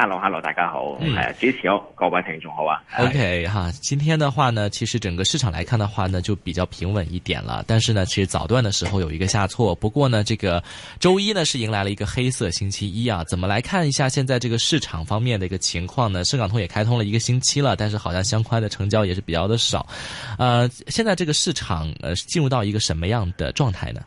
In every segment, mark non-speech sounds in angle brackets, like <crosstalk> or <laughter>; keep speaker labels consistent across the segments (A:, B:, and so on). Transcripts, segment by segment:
A: hello hello，大家好，係主持
B: 哦，各位聽眾好啊。OK 哈，今天的話呢，其實整個市場來看的話呢，就比較平穩一點了，但是呢，其實早段的時候有一個下挫，不過呢，這個周一呢是迎來了一個黑色星期一啊。怎麼來看一下現在這個市場方面的一個情況呢？深港通也開通了一個星期了，但是好像相關的成交也是比較的少。呃，現在這個市場，呃，進入到一個什麼樣的狀態呢？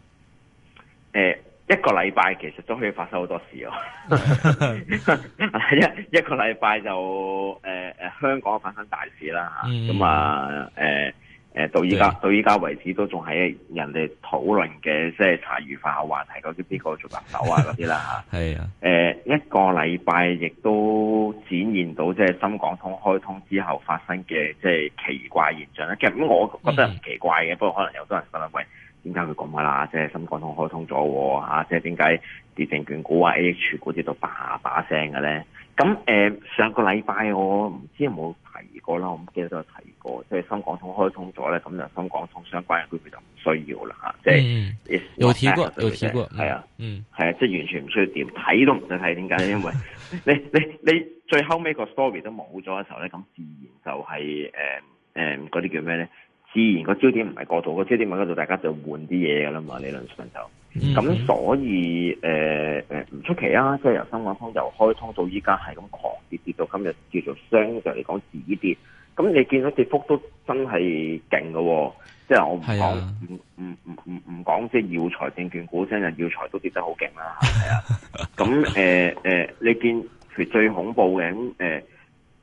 A: 一個禮拜其實都可以發生好多事哦， <laughs> <laughs> 一一個禮拜就誒誒、呃、香港發生大事啦，咁、嗯、啊誒誒、呃呃、到依家對 到依家為止都仲係人哋討論嘅，即、就、係、是、茶餘飯後話題嗰啲邊個做特首啊嗰啲 <laughs> 啦吓，係啊，誒一個禮拜亦都展現到即係深港通開通之後發生嘅即係奇怪現象咧，嗯、其實我覺得唔奇怪嘅，嗯、不過可能有多人覺得貴。喂點解佢咁噶啦？即係深港通開通咗喎、啊、即係點解啲證券股啊、AH 股跌到叭把聲嘅咧？咁誒、呃、上個禮拜我唔知道有冇提過啦，我唔記得都有提過，即係深港通開通咗咧，咁就深港通相關嘅股票就唔需要啦嚇，啊嗯、即係是有提過，有提過，係、嗯、啊，嗯，係啊，嗯、啊，即係完全唔需要點睇都唔使睇，點解？因為你 <laughs> 你你，你最後尾個 story 都冇咗嘅時候咧，咁自然就係誒誒嗰啲叫咩咧？自然、個焦點唔係嗰度，個焦點喺嗰度，大家就換啲嘢噶啦嘛，理論上就，咁、嗯、哼所以誒唔、呃、出奇啊！即係由深港通由開通到依家係咁狂跌跌到今日，叫做相對嚟講止跌。咁你見到跌幅都真係勁噶喎！即係我唔講唔唔唔唔唔講，即係、啊、耀才證券股，真係耀才都跌得好勁啦，係啊！咁誒誒，你見最最恐怖嘅咁、呃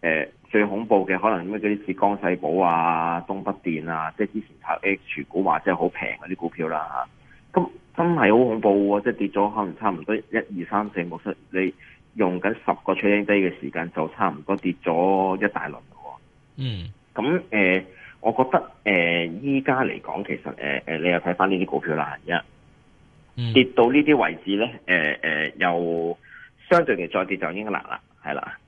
A: 誒最恐怖嘅可能咩？嗰啲浙江世寶啊、東北電啊，即係之前炒 H 股話即係好平嗰啲股票啦嚇。咁真係好恐怖喎！即係跌咗可能差唔多一二三四五六，你用緊十個 training day 嘅時間就差唔多跌咗一大輪喎。嗯。咁誒，我覺得誒依家嚟講，其實誒誒，你又睇翻呢啲股票啦，一跌到呢啲位置咧，誒誒，又相對地再跌就應該難啦，係啦。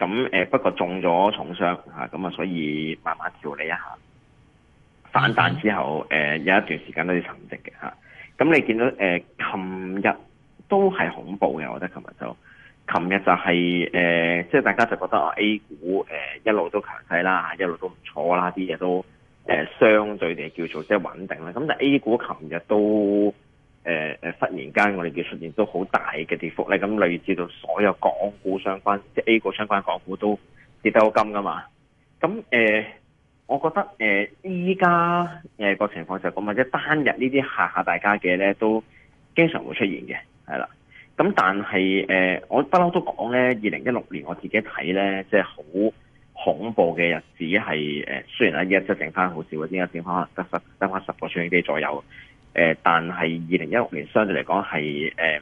A: 咁誒不過中咗重傷嚇咁啊，所以慢慢調理一下反彈之後誒、呃、有一段時間都要沉寂嘅嚇。咁你見到誒，琴、呃、日都係恐怖嘅，我覺得琴日就琴日就係、是、誒，即、呃、係、就是、大家就覺得啊，A 股誒、呃、一路都強勢啦，一路都唔錯啦，啲嘢都誒、呃、相對地叫做即係穩定啦。咁但 A 股琴日都。誒誒、呃，忽然間我哋嘅出現都好大嘅跌幅咧，咁類似到所有港股相關，即係 A 股相關港股都跌得好金㗎嘛。咁誒、呃，我覺得誒，依家誒個情況就係咁，或者單日呢啲吓吓大家嘅咧，都經常會出現嘅，係啦。咁但係誒、呃，我不嬲都講咧，二零一六年我自己睇咧，即係好恐怖嘅日子係誒，雖然喺一即係剩翻好少啲，一剩翻可能得十得翻十個千幾左右。誒、呃，但係二零一六年相對嚟講係誒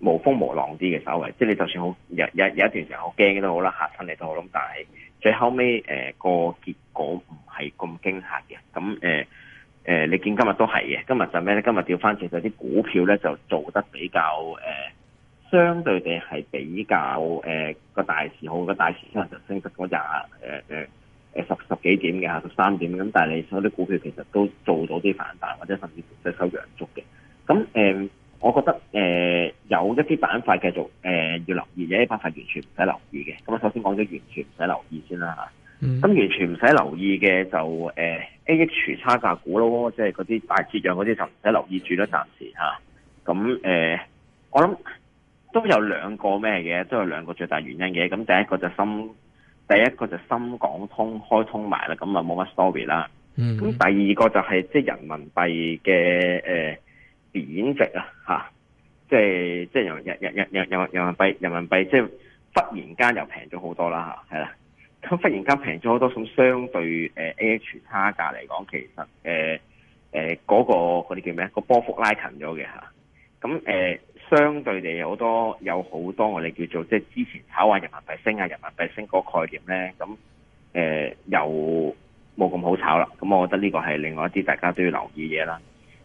A: 無風無浪啲嘅，稍微即係你就算好有有有一段時間很怕也好驚都好啦，嚇親你都好啦，但係最後尾誒、呃這個結果唔係咁驚嚇嘅，咁誒誒你見今日都係嘅，今日就咩咧？今日掉翻其實啲股票咧就做得比較誒、呃、相對地係比較誒、呃、個大市好，個大市今日就升得嗰廿誒。呃誒十十幾點嘅，十三點咁，但係你所有啲股票其實都做到啲反彈，或者甚至乎即係收陽足嘅。咁誒、呃，我覺得誒、呃、有一啲板塊繼續誒、呃、要留意的，嘅，一啲板塊完全唔使留意嘅。咁我首先講咗，完全唔使留意先啦嚇。咁、嗯、完全唔使留意嘅就誒 A、呃、H 差價股咯，即係嗰啲大結陽嗰啲就唔使留意住啦，暫時嚇。咁、啊、誒、呃，我諗都有兩個咩嘅，都有兩個最大原因嘅。咁第一個就心。第一個就深港通開通埋啦，咁啊冇乜 story 啦。咁、嗯嗯、第二個就係即係人民幣嘅誒貶值啦、吓、啊，即係即係人人人人人人民幣人民幣即係忽然間又平咗好多啦吓，係、啊、啦。咁、啊啊、忽然間平咗好多，咁相對誒 A H 差價嚟講，其實誒誒嗰個嗰啲叫咩啊？個波幅拉近咗嘅吓，咁、啊、誒。啊嗯相對地有好多，有好多我哋叫做即係之前炒話人民幣升啊，人民幣升嗰個概念咧，咁誒、呃、又冇咁好炒啦。咁我覺得呢個係另外一啲大家都要留意嘅嘢啦。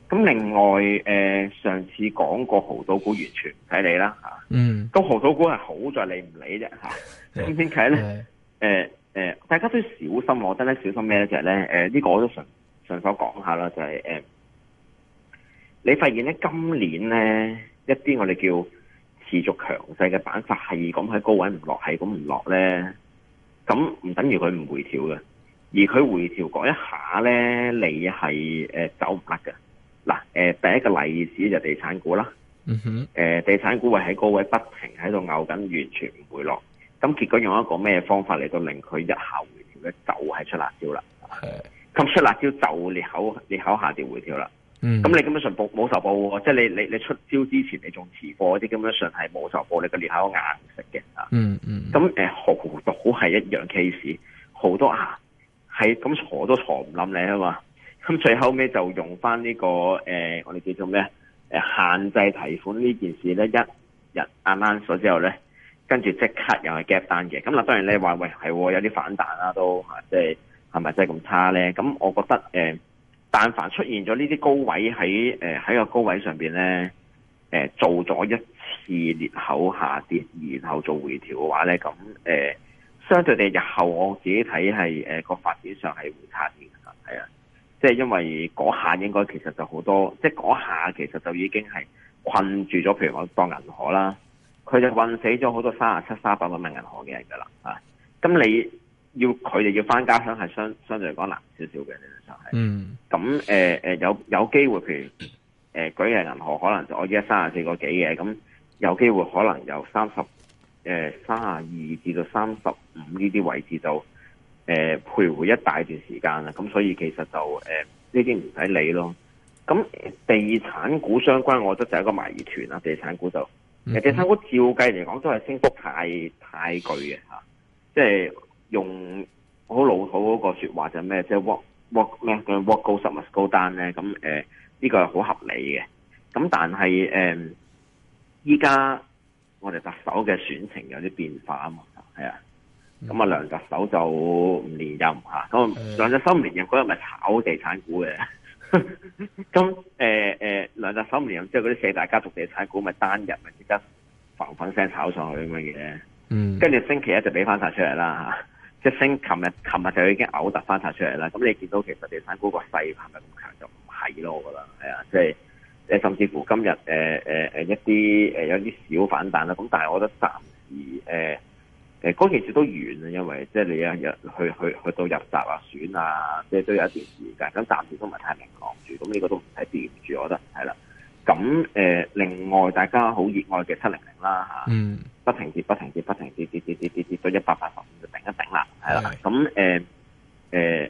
A: 咁另外誒、呃，上次講過好多股完全唔理啦，啊，嗯，咁好多股係好在你唔理啫嚇。咁點解咧？誒誒的、呃呃，大家都小心我覺得咧，小心咩咧？就係、是、咧，誒、呃、呢、這個我都順順手講下啦，就係、是、誒、呃，你發現咧，今年咧。一啲我哋叫持續強勢嘅板塊，係咁喺高位唔落，係咁唔落呢？咁唔等於佢唔回調嘅，而佢回調嗰一下呢，你係、呃、走唔甩嘅。嗱、呃、第一個例子就地產股啦，mm
C: hmm.
A: 呃、地產股會喺高位不停喺度咬緊，完全唔回落，咁結果用一個咩方法嚟到令佢一下回調呢？就係、是、出辣椒啦，
C: 咁、
A: mm hmm. 出辣椒就裂口裂口下跌回調啦。嗯，咁你根本上報冇受報喎，即、就、係、是、你你你出招之前你仲持貨嗰啲根本上係冇受報，你個裂口硬食嘅啊、嗯，嗯嗯，咁誒、好、呃、多係一樣 case，好多牙係咁鋤都鋤唔冧你啊嘛，咁最後尾就用翻呢、這個誒、呃，我哋叫做咩誒、呃，限制提款呢件事咧，一日 announce 咗之後咧，跟住即刻又係 gap 單嘅，咁嗱，當然你話喂係有啲反彈啦，都吓，即係係咪真係咁差咧？咁我覺得誒。呃但凡出現咗呢啲高位喺喺個高位上面咧、呃，做咗一次裂口下跌，然後做回調嘅話咧，咁、呃、相對地日後我自己睇係個發展上係會差啲嘅，係啊，即係因為嗰下應該其實就好多，即係嗰下其實就已經係困住咗，譬如我當銀河啦，佢就困死咗好多三啊七三百萬蚊銀河嘅人㗎啦，啊，咁你。要佢哋要翻家鄉係相相對嚟講難少少嘅，呢啲就係、是。嗯、mm。咁、hmm. 誒、呃、有有機會，譬如誒、呃，舉人銀行可能就我依家三十四個幾嘅，咁有機會可能由三十三十二至到三十五呢啲位置度誒、呃、徘徊一大段時間啦。咁所以其實就誒呢啲唔使理咯。咁地產股相關，我覺得就係一個謎團啦。地產股就，mm hmm. 地產股照計嚟講都係升幅太太巨嘅吓即、就是用好老土嗰個說話就咩，即係 what what 咩 what goes up must go down 咧，咁誒呢個係好合理嘅。咁但係誒依家我哋特首嘅選情有啲變化啊嘛，係啊。咁啊梁特首就唔連任吓，咁梁特首唔連任嗰日咪炒地產股嘅。咁誒誒梁特首唔連任即係，嗰啲四大家族地產股咪單日咪即刻狂粉聲炒上去咁嘅嘢，嗯，跟住星期一就俾翻晒出嚟啦吓。即升，琴日琴日就已經嘔突翻晒出嚟啦。咁你見到其實地產股個勢係咪咁強？就唔係咯㗎啦，係啊，即係甚至乎今日誒、呃呃、一啲誒、呃、有啲小反彈啦。咁但係我覺得暫時誒誒嗰件事都完啊，因為即係你一日去去去，去到入閘啊選啊，即係都有一段時間。咁暫時都唔係太明朗住。咁呢個都唔使掂住，我覺得係啦。咁、呃、另外大家好熱愛嘅七零零啦不停跌，不停跌，不停跌，跌跌跌跌跌到一百八十五就頂一頂啦，係啦。咁誒誒誒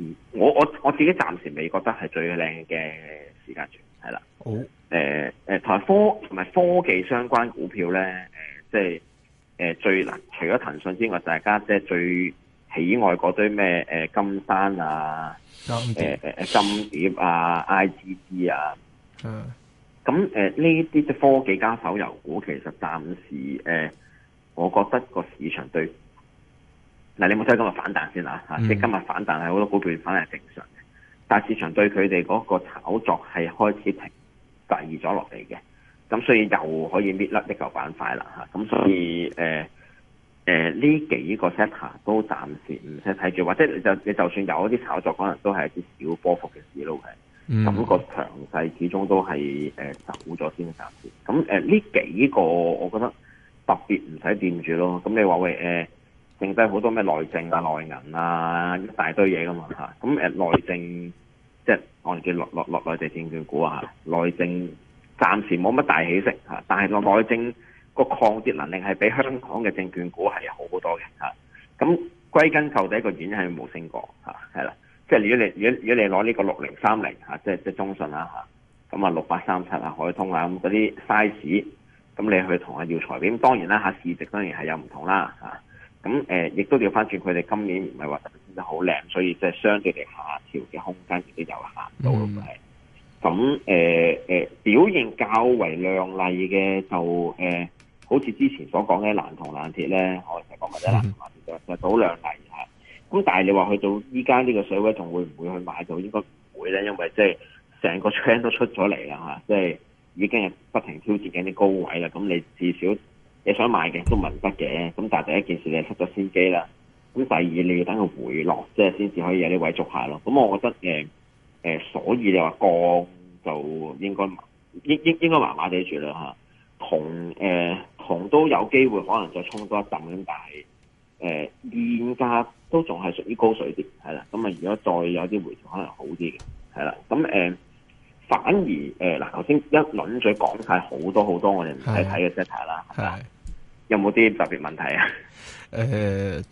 A: 誒，我我我自己暫時未覺得係最靚嘅時間段，係啦。好。誒誒，同埋科同埋科技相關股票咧，誒，即係誒最難。除咗騰訊之外，大家即係最喜愛嗰堆咩？誒，金山啊，金誒誒，金蝶啊，IGG 啊，嗯。咁誒呢啲即科技加手遊股，其實暫時誒、呃，我覺得個市場對，嗱、啊，你冇睇今日反彈先啦即係，嗯、今日反彈係好多股票反係正常嘅，但係市場對佢哋嗰個炒作係開始停滯咗落嚟嘅，咁所以又可以搣甩一個板塊啦，咁所以誒呢，呃呃、幾個 sector 都暫時唔使睇住，或者你就你就算有啲炒作，可能都係一啲小波幅嘅事囉。咁個強勢始終都係誒、呃、走咗先嘅，咁誒呢幾個我覺得特別唔使掂住咯。咁、嗯、你話為誒剩低好多咩內政啊、內銀啊，一大堆嘢㗎嘛嚇。咁、嗯、誒、呃、內政即係我哋叫內內內地證券股啊。內政暫時冇乜大起色嚇，但係個內政個抗跌能力係比香港嘅證券股係好好多嘅嚇。咁、啊嗯、歸根究底個原因係冇升過嚇，係、啊、啦。嗯嗯即係如果你如果如果你攞呢個六零三零嚇，即係即係中信啦嚇，咁啊六八三七啊海通啊，咁嗰啲 size，咁你去同阿耀財，咁當然啦嚇、啊、市值當然係有唔同啦嚇，咁、啊、誒、呃、亦都調翻轉，佢哋今年唔係話特別升得好靚，所以即係相對嚟下調嘅空間亦都有限到，咁誒誒表現較為亮麗嘅就誒，好似之前所講嘅爛銅爛鐵咧，我成日講嘅啫，爛銅爛鐵就早亮麗。咁但係你話去到依家呢個水位，仲會唔會去買到？應該唔會咧，因為即係成個窗都出咗嚟啦嚇，即、啊、係、就是、已經係不停挑戰緊啲高位啦。咁你至少你想買嘅都唔得嘅。咁但係第一件事你係失咗先機啦。咁第二你要等佢回落，即係先至可以有啲位捉下咯。咁、啊、我覺得誒誒、呃，所以你話降就應該應應應該麻麻地住啦嚇。銅誒銅都有機會可能再衝多一陣，但係誒、呃、依家。都仲係屬於高水啲，係啦。咁啊，如果再有啲回調，可能好啲嘅，係啦。咁、呃、反而誒嗱，頭、呃、先一輪嘴講晒好多好多我哋唔睇嘅 data 啦，係有冇啲特別問題啊？呃、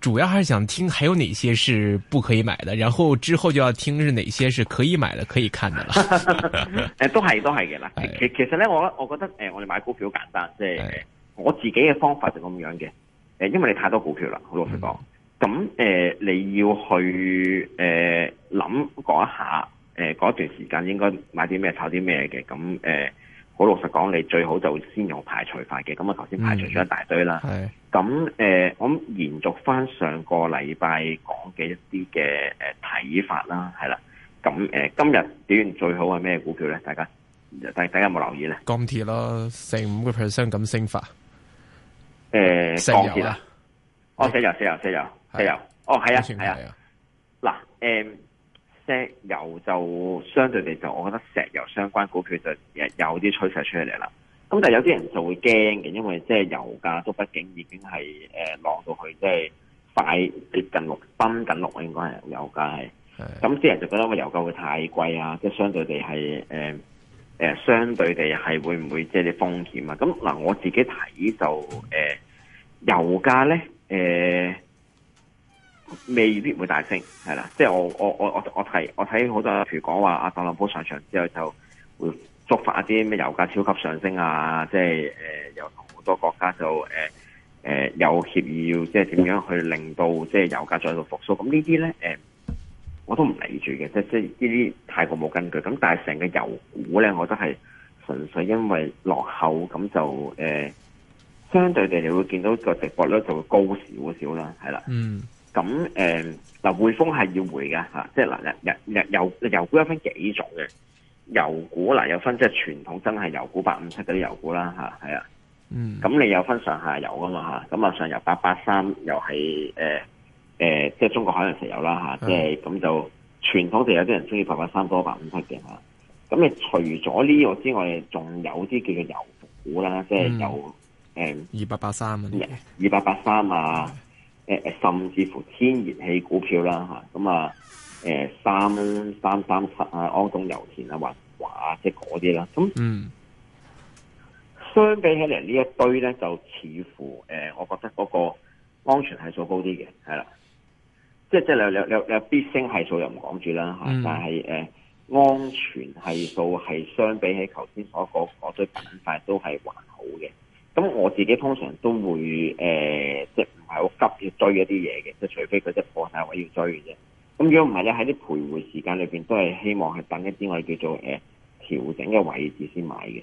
B: 主要係想聽，還有哪些是不可以買的？然後之後就要聽是哪些是可以買的、可以看的啦 <laughs> 。
A: 都係都係嘅啦。其的的其實咧，我我覺得、呃、我哋買股票好簡單，即、就、係、是、的我自己嘅方法就咁樣嘅、呃。因為你太多股票啦，好多，多。我同你講、嗯。咁誒、呃，你要去誒諗嗰一下，誒、呃、嗰段時間應該買啲咩炒啲咩嘅？咁誒，好、呃、老實講你最好就先用排除法嘅。咁啊，頭先排除咗一大堆啦。係、嗯。咁誒、呃，我諗延續翻上個禮拜講嘅一啲嘅誒睇法啦，係啦。咁誒、呃，今日表現最好係咩股票咧？大家，大家大家有冇留意咧？
B: 鋼鐵咯，四五個 percent 咁升法。
A: 誒、呃，石油啊，啊哦，石油，石油，石油。係油，是是，的哦，係啊，係啊。嗱，誒，石油就相對地就，我覺得石油相關股票就有啲趨勢出嚟啦。咁但係有啲人就會驚嘅，因為即係油價都畢竟已經係誒落到去，即係快跌近六崩緊六應該係油價係。咁啲的人就覺得個油價會太貴啊，即係相對地係誒誒，相對地係會唔會即係啲風險啊？咁嗱，我自己睇就誒、呃、油價咧，誒、呃。未必會大升，係啦，即係我我我我我睇我睇好多譬如講話阿特朗普上場之後就會觸發一啲咩油價超級上升啊，即係誒有好多國家就誒、呃呃、有協議要即係點樣去令到即係油價再度復甦，咁呢啲咧、呃、我都唔理住嘅，即係即係呢啲太過冇根據。咁但係成個油股咧，我覺得係純粹因為落後咁就誒、呃，
C: 相
A: 對地你會見到個直播率就會高少少啦，係啦。嗯。咁誒，嗱、嗯嗯，匯豐係要回嘅吓，即係嗱，日日日油油，油股有分幾種嘅，油股嗱、啊、有分即係傳統，真係油股八五七嗰啲油股啦吓，係啊，啊嗯嗯，嗯，咁你有分上下游噶嘛吓，咁啊上游八八三又係誒誒，即係中國海洋石油啦吓，即係咁就傳統就有啲人中意八八三多八五七嘅吓，咁你除咗呢個之外，仲有啲叫做油股啦，即係有誒，二八八三啊，二八八三啊。誒甚至乎天然氣股票啦，吓咁啊，誒三三三七啊，安東油田啊，或華啊，即係嗰啲啦，咁嗯，相比起嚟呢一堆咧，就似乎誒，我覺得嗰個安全係數高啲嘅，係啦，即係即係有有有有必升係數又唔講住啦吓，但係誒安全係數係相比起頭先所講嗰堆板塊都係還好嘅。咁我自己通常都會誒、呃，即係唔係好急要追一啲嘢嘅，即係除非佢隻破曬位要追嘅啫。咁如果唔係咧，喺啲徘徊時間裏面都係希望係等一啲我哋叫做誒調整嘅位置先買嘅。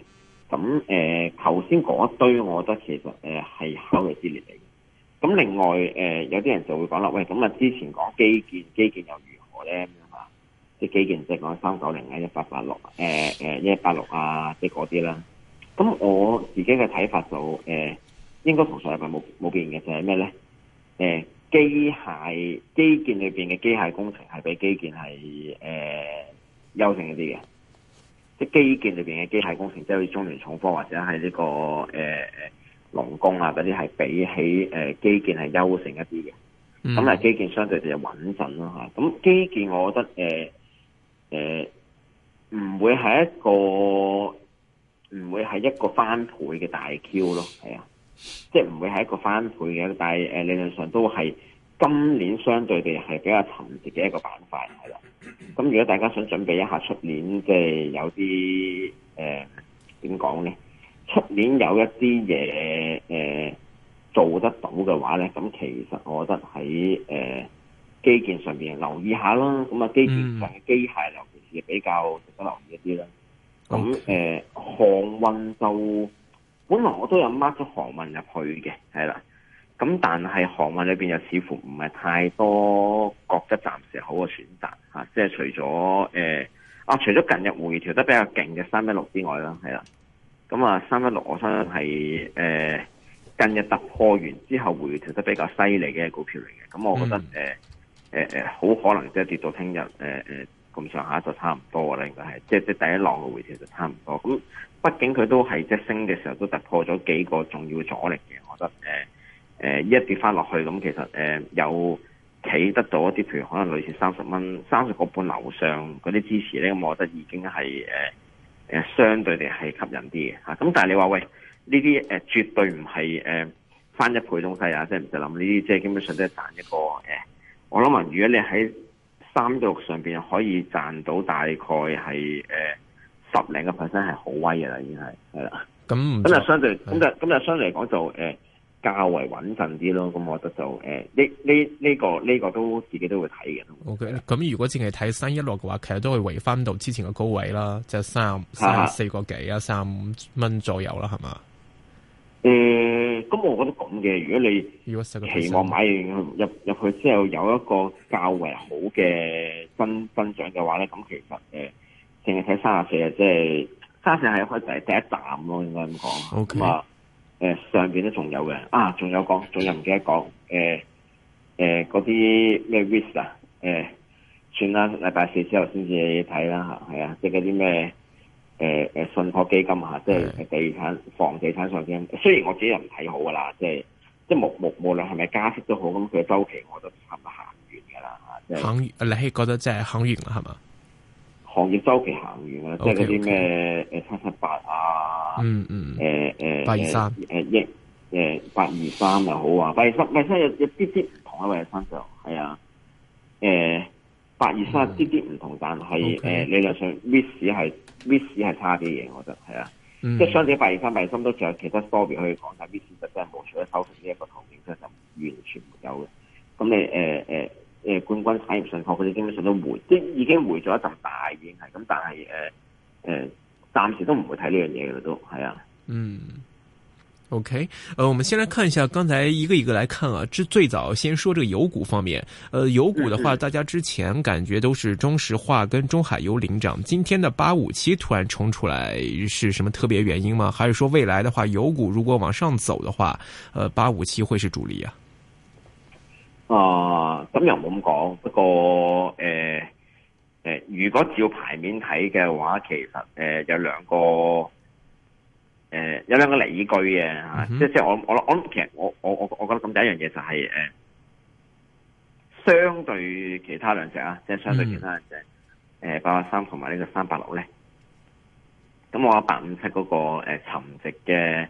A: 咁誒頭先嗰堆，我覺得其實誒係考慮之列嚟嘅。咁另外誒、呃，有啲人就會講啦，喂，咁啊之前講基建，基建又如何咧？即係基建即係講三九零啊，一八八六，誒誒一一八六啊，即係嗰啲啦。咁我自己嘅睇法就誒、呃，應該同上日冇冇變嘅，就係、是、咩呢？誒、呃、機械基建裏面嘅機械工程係比基建係誒優勝一啲嘅，即係基建裏面嘅機械工程，即、就、係、是、中聯重科或者係呢、這個誒龍工呀嗰啲，係、呃、比起誒基建係優勝一啲嘅。
C: 咁啊、嗯，基
A: 建相對就穩陣咯吓，咁基建我覺得誒誒唔會係一個。唔會係一個翻倍嘅大 Q 咯，係啊，即係唔會係一個翻倍嘅，但係誒、呃、理論上都係今年相對地係比較沉寂嘅一個板塊係啦。咁、啊、如果大家想準備一下出年有些，即係有啲誒點講呢？出年有一啲嘢誒做得到嘅話呢，咁其實我覺得喺誒、呃、基建上面留意一下咯。咁啊，基建上嘅機械尤其是比較值得留意一啲啦。咁誒那 Okay.、呃、航運就，本來我都有 mark 咗航運入去嘅，係啦。咁但係航運裏邊又似乎唔係太多，覺得暫時好嘅選擇、啊、即係除咗誒、呃、啊，除咗近日回調得比較勁嘅三一六之外啦，係啦。咁啊，三一六我相信係誒近日突破完之後回調得比較犀利嘅股票嚟嘅。咁、啊、我覺得誒好、mm. 呃呃、可能即係跌到聽日誒咁上下就差唔多啦，應該係，即係即係第一浪嘅回調就差唔多。咁畢竟佢都係即係升嘅時候都突破咗幾個重要阻力嘅，我覺得誒、呃呃、一跌翻落去咁，其實誒有企得到一啲，譬如可能類似三十蚊、三十個半樓上嗰啲支持咧，咁我覺得已經係誒、呃呃、相對地係吸引啲嘅嚇。咁但係你話喂，呢啲誒絕對唔係誒翻一倍東西啊，即係唔使諗呢啲，即係基本上都係賺一個誒、呃。我諗啊，如果你喺三六上邊可以賺到大概係誒、呃、十零個 percent，係好威噶啦，已經係係啦。咁咁就相對，咁就咁就相對嚟講就誒、呃、較為穩陣啲咯。咁我覺得就誒呢呢呢個呢、呢個都自己都會睇嘅。
B: O K 咁如果只係睇三一六嘅話，其實都會回翻到之前嘅高位啦，即、就、係、是、三三四個幾啊，三五蚊左右啦，係嘛
A: 嗯。咁、嗯、我覺得咁嘅，如果你期望買入入入去之後有一個較為好嘅增增長嘅話咧，咁其實誒淨係睇三十四啊，即係三十四係開第第一站咯，應該咁講。O Okay . K、呃。啊誒上邊都仲有嘅，呃呃、啊，仲有個仲有唔記得講誒誒嗰啲咩 risk 啊誒算啦，禮拜四之後先至睇啦吓，係啊，即係嗰啲咩？誒誒，信託基金啊，即係地產、房地產上邊，雖然我自己又唔睇好噶啦，即係即係無無無論係咪加息都好，咁佢嘅周期我都差唔多行
B: 完噶啦，即係你係覺得即係行完啦，係嘛？
A: 行業周期行完噶啦，okay, okay. 即係嗰啲咩誒七七八啊，嗯嗯誒誒八二三誒一誒八二三又好啊，八二三八二三有啲啲唔同啊，魏生長係啊，誒、欸。八二三啲啲唔同，但係誒 Okay.、uh, 理論上 risk 係 risk 係差啲嘢，我覺得係啊，即係相對八二三、八二三都仲有其他 story 可以講，但係 risk 實質冇除咗收息呢一個途徑，真就是、完全冇嘅。咁你誒誒、呃呃、冠君產業信託嗰啲基本上都回，即已經回咗一陣大已經係咁，但係誒誒暫時都唔會睇呢樣嘢嘅啦都係啊，嗯。
B: Mm. OK，呃，我們先來看一下，剛才一個一個來看啊。這最早先說這個油股方面，呃，油股的話，大家之前感覺都是中石化跟中海油領漲，今天的八五七突然衝出來，是什麼特別原因嗎？還是說未來的話，油股如果往上走的話，呃，八五七會是主力啊？
A: 啊，咁又冇咁講，不過，誒、呃，誒、呃呃，如果照牌面睇嘅話，其實，誒、呃，有兩個。誒、呃，有兩個理據嘅吓，啊嗯、哼即係即係我我我其實我我我我覺得咁第一樣嘢就係、是、誒、啊，相對其他兩隻啊，即係相對其他兩隻誒，八八三同埋呢、那個三百六咧，咁我一八五七嗰個誒沉寂嘅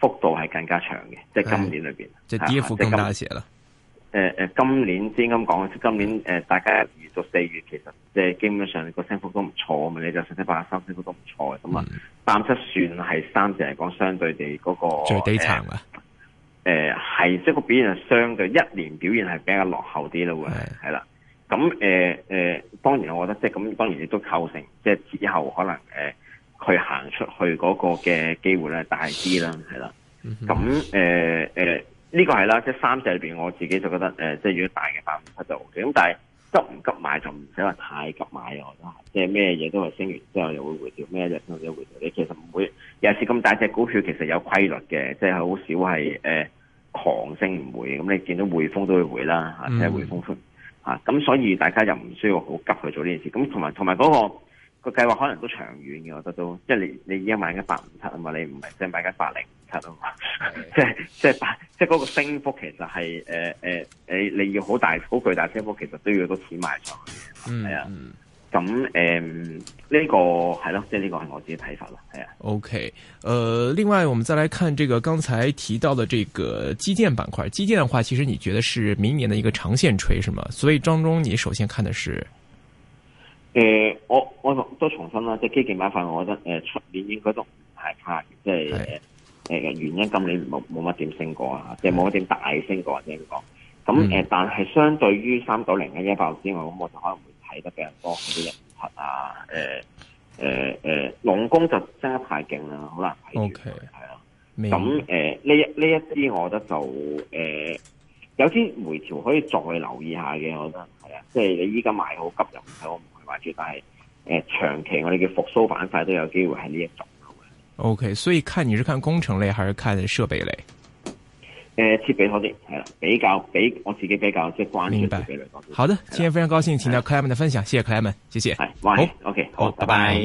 A: 幅度係更加長嘅，哎、即係今年裏邊，即
B: 係跌幅更加大啦。
A: 誒誒、呃，今年先咁講，即今年，誒、呃、大家一月到四月，其實即係基本上個升幅都唔錯，咁啊你就成七八三，升幅都唔錯咁啊，三七算係三隻嚟講，相對地嗰、那個最低層啊。誒係即係個表現相對一年表現係比較落後啲咯喎，係啦是。咁誒誒，當然我覺得即係咁，當然亦都構成即係之後可能誒佢行出去嗰個嘅機會咧大啲啦，係啦。咁誒誒。嗯呃嗯呢個係啦，即係三隻裏邊，我自己就覺得誒、呃，即係如果大嘅百五七就 O K。咁但係急唔急買就唔使話太急買咯，即係咩嘢都係升完之後又會回調，咩嘢又會回調。你其實唔會有時咁大隻股票其實有規律嘅，即係好少係誒狂升唔回。咁、呃、你見到匯豐都會回啦嚇，即係匯豐盤嚇，咁、嗯啊、所以大家又唔需要好急去做呢件事。咁同埋同埋嗰個、這個計劃可能都長遠嘅，我覺得都即係你你而家買緊百五七啊嘛，你唔係即係買緊百零。即係即係即係嗰個升幅，其實係誒誒你要好大好巨大升幅，其實都要多錢買上去。係、嗯、啊，咁誒呢個係咯，即係呢個係我自己睇法啦。係
B: 啊。OK，誒、呃，另外我們再來看這個剛才提到的這個基建板塊，基建的話，其實你覺得是明年的一個長線吹，是嗎？所以當中你首先看的是，
A: 誒、呃，我我都重申啦，即、就、係、是、基建板塊，我覺得誒出面應該都唔係差即係。就是是誒，原因今年冇冇乜點升過啊，即係冇乜點大升過或者咁講。咁誒，但係相對於三九零一一百之外，咁我就可能會睇得比較多嗰啲啊，誒誒誒，龍、呃、工、呃、就真得太勁啦，可能。
C: O K. 係啊。咁誒白，呢呢、呃、
A: 一啲我覺得就誒、呃，有啲回調可以再留意下嘅，我覺得係啊。即係你依家買好急又唔我，唔係話住，但係誒、呃、長期我哋嘅復甦板塊都有機會係呢一種。
B: OK，所以看你是看工程類還是看設備類？呃，
A: 設備好啲，係啦，比較比我自己比較即係關注明白。的
B: 好的，今天非常高興請到 Clement 的分享，的謝謝 Clement，謝謝。係對，晚安。
C: OK，好，拜拜。